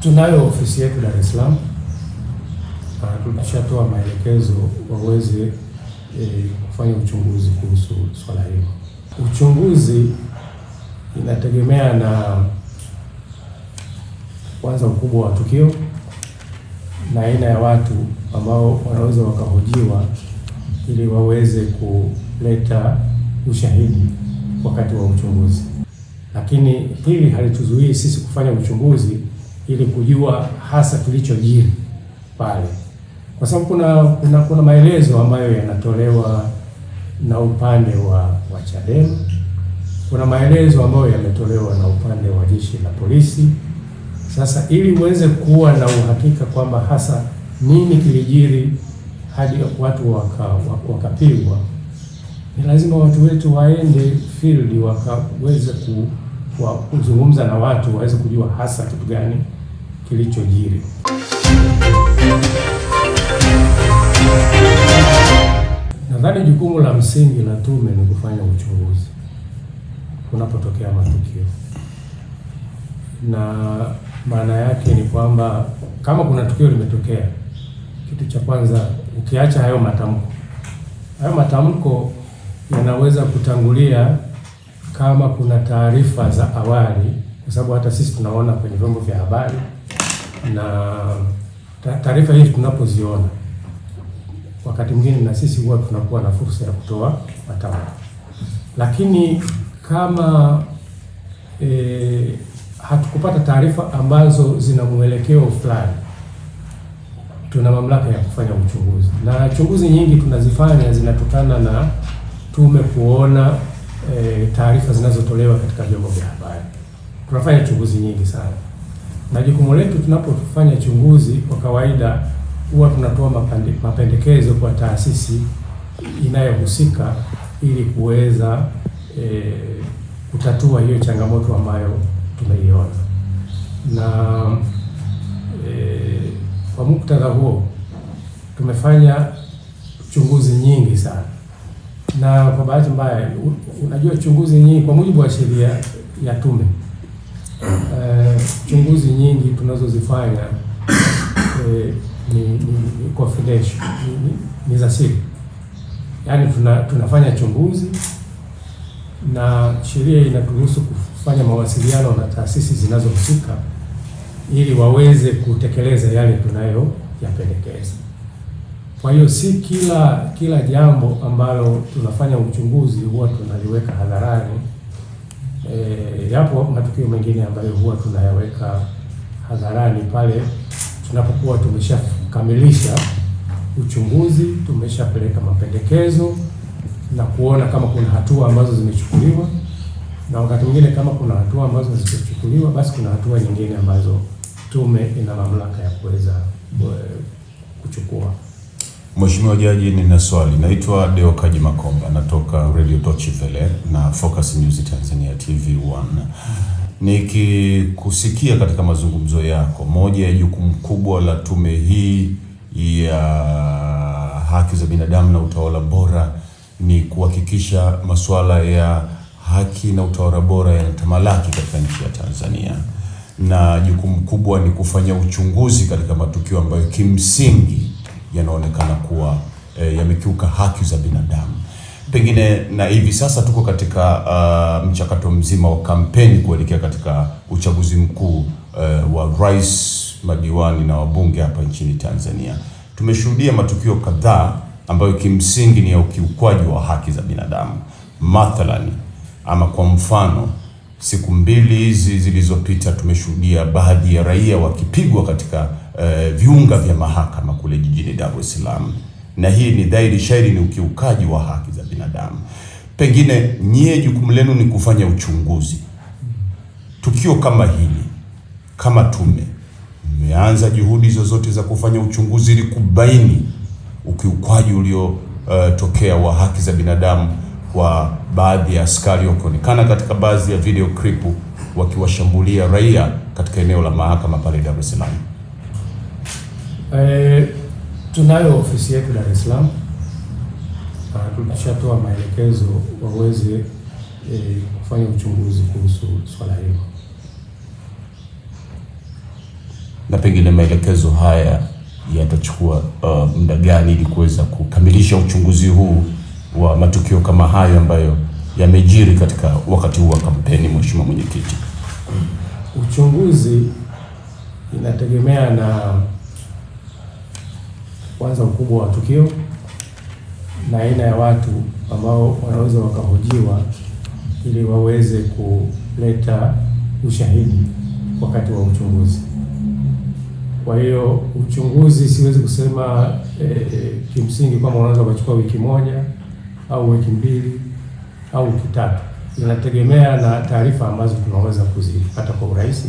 Tunayo ofisi yetu Dar es Salaam. Ah, tulishatoa maelekezo waweze e, kufanya uchunguzi kuhusu swala hilo. Uchunguzi inategemea na kwanza ukubwa wa tukio na aina ya watu ambao wanaweza wakahojiwa ili waweze kuleta ushahidi wakati wa uchunguzi, lakini hili halituzuii sisi kufanya uchunguzi ili kujua hasa kilichojiri pale, kwa sababu kuna kuna, kuna maelezo ambayo yanatolewa na upande wa, wa Chadema, kuna maelezo ambayo yametolewa na upande wa jeshi la polisi. Sasa ili uweze kuwa na uhakika kwamba hasa nini kilijiri hadi watu wakapigwa waka ni lazima watu wetu waende field wakaweze kuzungumza na watu waweze kujua hasa kitu gani kilichojiri. Nadhani jukumu la msingi la tume ni kufanya uchunguzi kunapotokea matukio, na maana yake ni kwamba kama kuna tukio limetokea, kitu cha kwanza ukiacha hayo matamko, hayo matamko yanaweza kutangulia kama kuna taarifa za awali, kwa sababu hata sisi tunaona kwenye vyombo vya habari na taarifa hizi tunapoziona, wakati mwingine na sisi huwa tunakuwa na fursa ya kutoa matamko, lakini kama e, hatukupata taarifa ambazo zina mwelekeo fulani, tuna mamlaka ya kufanya uchunguzi, na chunguzi nyingi tunazifanya zinatokana na tume kuona e, taarifa zinazotolewa katika vyombo vya habari. Tunafanya chunguzi nyingi sana na jukumu letu tunapofanya chunguzi kwa kawaida huwa tunatoa mapendekezo kwa taasisi inayohusika ili kuweza e, kutatua hiyo changamoto ambayo tumeiona. Na e, kwa muktadha huo tumefanya chunguzi nyingi sana, na kwa bahati mbaya, unajua chunguzi nyingi kwa mujibu wa sheria ya tume chunguzi nyingi tunazozifanya e, ni, ni, ni confidential ni, ni, ni za siri, yaani tuna, tunafanya chunguzi na sheria inaturuhusu kufanya mawasiliano na taasisi zinazohusika ili waweze kutekeleza yale tunayoyapendekeza. Kwa hiyo si kila kila jambo ambalo tunafanya uchunguzi huwa tunaliweka hadharani E, yapo matukio mengine ambayo huwa tunayaweka hadharani pale tunapokuwa tumeshakamilisha uchunguzi, tumeshapeleka mapendekezo na kuona kama kuna hatua ambazo zimechukuliwa, na wakati mwingine kama kuna hatua ambazo zimechukuliwa, basi kuna hatua nyingine ambazo tume ina mamlaka ya kuweza Mheshimiwa Jaji, nina swali. Naitwa Deo Kaji Makomba, natoka Radio Tochi Vele na Focus News Tanzania TV1. Nikikusikia katika mazungumzo yako, moja ya jukumu kubwa la tume hii ya haki za binadamu na utawala bora ni kuhakikisha masuala ya haki na utawala bora yanatamalaki katika nchi ya Tanzania, na jukumu kubwa ni kufanya uchunguzi katika matukio ambayo kimsingi yanaonekana kuwa e, yamekiuka haki za binadamu pengine na hivi sasa tuko katika uh, mchakato mzima wa kampeni kuelekea katika uchaguzi mkuu uh, wa rais, madiwani na wabunge hapa nchini Tanzania. Tumeshuhudia matukio kadhaa ambayo kimsingi ni ya ukiukwaji wa haki za binadamu, mathalani ama kwa mfano Siku mbili hizi zilizopita tumeshuhudia baadhi ya raia wakipigwa katika uh, viunga vya mahakama kule jijini Dar es Salaam, na hii ni dhahiri shairi ni ukiukaji wa haki za binadamu. Pengine nyie jukumu lenu ni kufanya uchunguzi. Tukio kama hili, kama tume mmeanza juhudi zozote za kufanya uchunguzi ili kubaini ukiukwaji uliotokea uh, wa haki za binadamu kwa baadhi ya askari wakionekana katika baadhi ya video clip wakiwashambulia raia katika eneo la mahakama pale Dar es Salaam. Eh, tunayo ofisi yetu Dar es Salaam. Ah, tulishatoa maelekezo waweze eh, kufanya uchunguzi kuhusu swala hilo, na pengine maelekezo haya yatachukua uh, muda gani ili kuweza kukamilisha uchunguzi huu? wa matukio kama hayo ambayo yamejiri katika wakati huu wa kampeni. Mheshimiwa Mwenyekiti, uchunguzi inategemea na kwanza ukubwa wa tukio na aina ya watu ambao wanaweza wakahojiwa ili waweze kuleta ushahidi wakati wa uchunguzi. Kwa hiyo uchunguzi siwezi kusema e, kimsingi kwamba unaweza ukachukua wiki moja au wiki mbili au wiki tatu, inategemea na taarifa ambazo tunaweza kuzipata kwa urahisi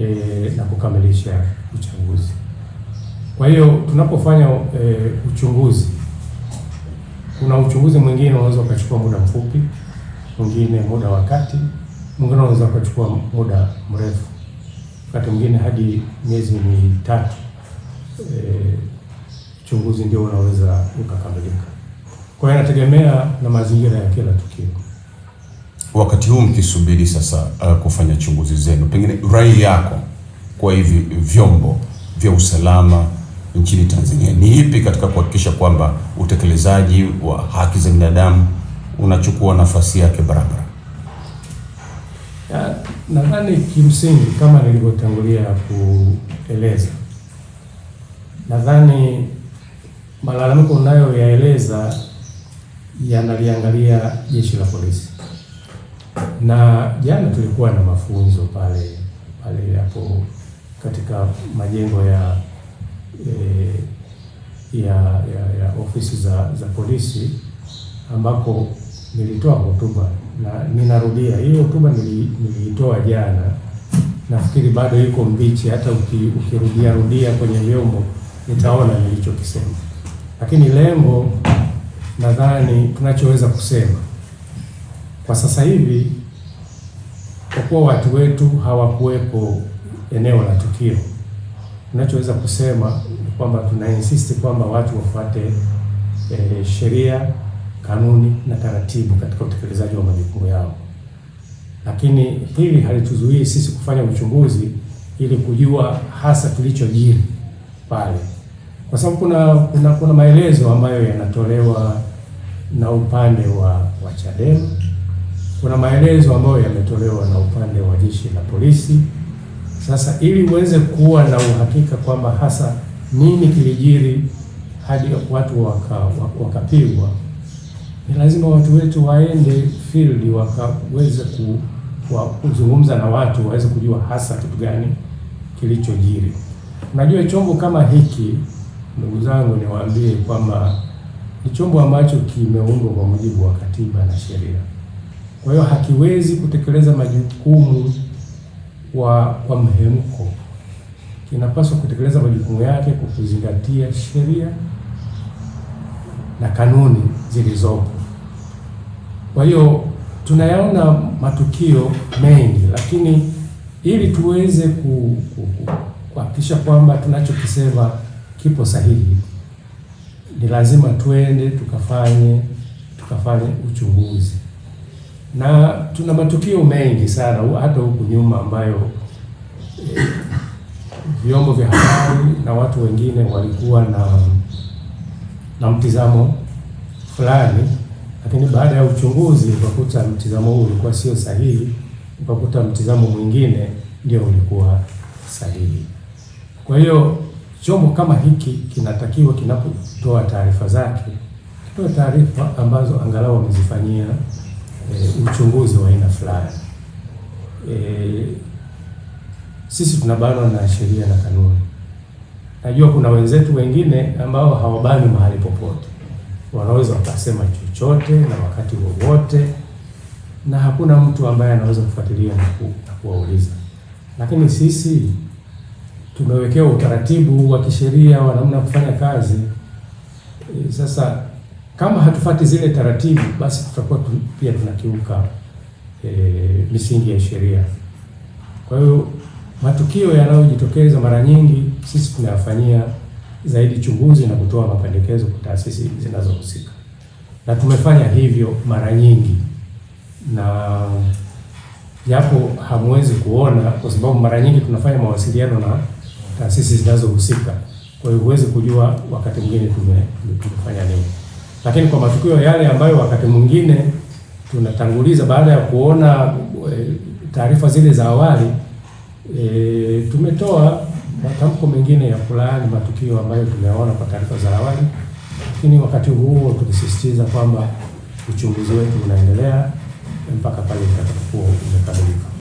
e, na kukamilisha uchunguzi. Kwa hiyo tunapofanya e, uchunguzi, kuna uchunguzi mwingine unaweza ukachukua muda mfupi, mwingine muda wa kati, mwingine unaweza ukachukua muda mrefu, wakati mwingine hadi miezi mitatu, e, uchunguzi ndio unaweza ukakamilika. Kwa hiyo inategemea na mazingira ya kila tukio. Wakati huu mkisubiri sasa, uh, kufanya chunguzi zenu, pengine rai yako kwa hivi vyombo vya usalama nchini Tanzania ni ipi katika kuhakikisha kwamba utekelezaji wa haki za binadamu unachukua nafasi yake barabara? Ya, nadhani kimsingi kama nilivyotangulia kueleza, nadhani malalamiko unayoyaeleza yanaliangalia jeshi la polisi, na jana tulikuwa na mafunzo pale pale hapo katika majengo ya e, ya, ya, ya ofisi za, za polisi ambako nilitoa hotuba na ninarudia hiyo hotuba niliitoa jana. Nafikiri bado iko mbichi, hata ukirudiarudia rudia kwenye vyombo nitaona nilichokisema, lakini lengo nadhani tunachoweza kusema kwa sasa hivi, kwa kuwa watu wetu hawakuwepo eneo la tukio, tunachoweza kusema ni kwamba tuna insist kwamba watu wafuate e, sheria, kanuni na taratibu katika utekelezaji wa majukumu yao, lakini hili halituzuii sisi kufanya uchunguzi ili kujua hasa kilichojiri pale, kwa sababu kuna kuna, kuna maelezo ambayo yanatolewa na upande wa, wa Chadema. Kuna maelezo ambayo yametolewa na upande wa jeshi la polisi. Sasa ili uweze kuwa na uhakika kwamba hasa nini kilijiri hadi watu wakapigwa waka ni lazima watu wetu waende field wakaweze ku, wa, kuzungumza na watu waweze kujua hasa kitu gani kilichojiri. najua chombo kama hiki, ndugu zangu, niwaambie kwamba ni chombo ambacho kimeundwa kwa mujibu wa katiba na sheria. Kwa hiyo hakiwezi kutekeleza majukumu wa kwa mhemko, kinapaswa kutekeleza majukumu yake kwa kuzingatia sheria na kanuni zilizopo. Kwa hiyo tunayaona matukio mengi, lakini ili tuweze kuhakikisha ku, ku, kwamba tunachokisema kipo sahihi ni lazima tuende tukafanye tukafanye uchunguzi, na tuna matukio mengi sana hata huku nyuma ambayo eh, vyombo vya habari na watu wengine walikuwa na na mtizamo fulani, lakini baada ya uchunguzi ukakuta mtizamo huu ulikuwa sio sahihi, ukakuta mtizamo mwingine ndio ulikuwa sahihi. Kwa hiyo chombo kama hiki kinatakiwa kinapotoa taarifa zake kitoe taarifa ambazo angalau wamezifanyia e, uchunguzi wa aina fulani. E, sisi tunabanwa na sheria na kanuni. Najua kuna wenzetu wengine ambao hawabani mahali popote, wanaweza wakasema chochote na wakati wowote, na hakuna mtu ambaye anaweza kufuatilia na kuwauliza, lakini sisi tumewekewa utaratibu wa kisheria wa namna kufanya kazi. E, sasa kama hatufati zile taratibu basi tutakuwa pia tunakiuka e, misingi ya sheria. Kwa hiyo matukio yanayojitokeza mara nyingi sisi tunayafanyia zaidi chunguzi na kutoa mapendekezo kwa taasisi zinazohusika, na tumefanya hivyo mara nyingi, na yapo hamwezi kuona kwa sababu mara nyingi tunafanya mawasiliano na taasisi zinazohusika. Kwa hiyo huwezi kujua wakati mwingine tumefanya nini, lakini kwa matukio yale ambayo wakati mwingine tunatanguliza baada ya kuona e, taarifa zile za awali e, tumetoa matamko mengine ya kulaani matukio ambayo tumeona kwa taarifa za awali, lakini wakati huo tulisisitiza kwamba uchunguzi wetu unaendelea mpaka pale utakapokuwa umekamilika.